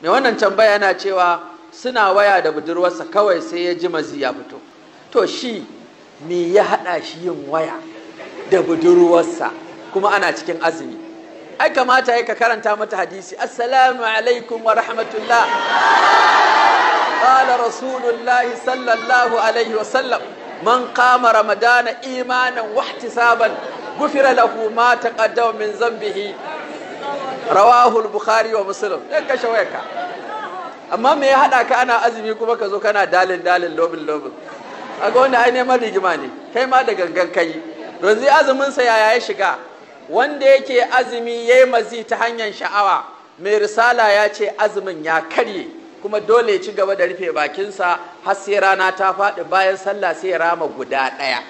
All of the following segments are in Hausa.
mai wannan tambaya bayana cewa suna waya da budurwarsa kawai sai ya ji mazi ya fito to shi me ya haɗa shi yin waya da budurwarsa kuma ana cikin azumi ai kamata ya ka karanta mata hadisi assalamu alaikum wa rahmatullah qala rasulullahi sallallahu alaihi wa sallam man qama ramadana imanan wahtisaban gufira lahu ma taqaddama min zambihi Rawahu, bukhari wa muslim yan kashe wayarka amma me ya haɗa ka ana azumi kuma ka zo kana dalin dalin lobin lobin aga wanda ai neman rigima ne kai ma da gangan kai zai azumin sa yaya ya shiga wanda yake azumi yayi mazi ta hanyar sha'awa mai risala ya ce azumin ya karye kuma dole ya ci gaba da rufe bakinsa har sai rana ta faɗi bayan sallah sai ya rama guda ɗaya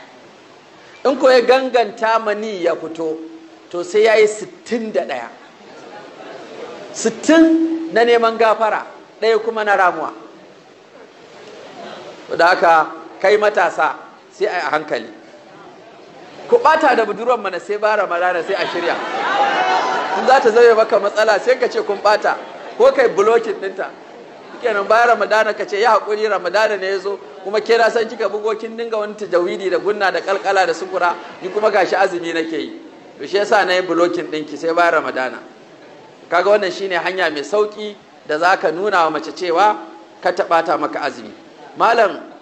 in ko ya ganganta mani ya fito to sai ya yi sittin da ɗaya sittin na neman gafara ɗaya kuma na ramuwa da haka kai matasa sai a hankali ku ɓata da budurwan mana sai bara marana sai a shirya kun za ta zame maka matsala sai ka ce kun ɓata ko kai bulokin ɗinta kenan bayan ramadana ka ce ya haƙuri ramadana ne ya zo kuma ke na san kika bugo kin dinga wani tajawidi da gunna da kalkala da sukura ni kuma gashi azumi nake yi to shi yasa na yi bulokin ɗinki sai bayan ramadana kaga wannan shine hanya mai sauki da za ka nuna wa mace cewa ka ta maka azumi malam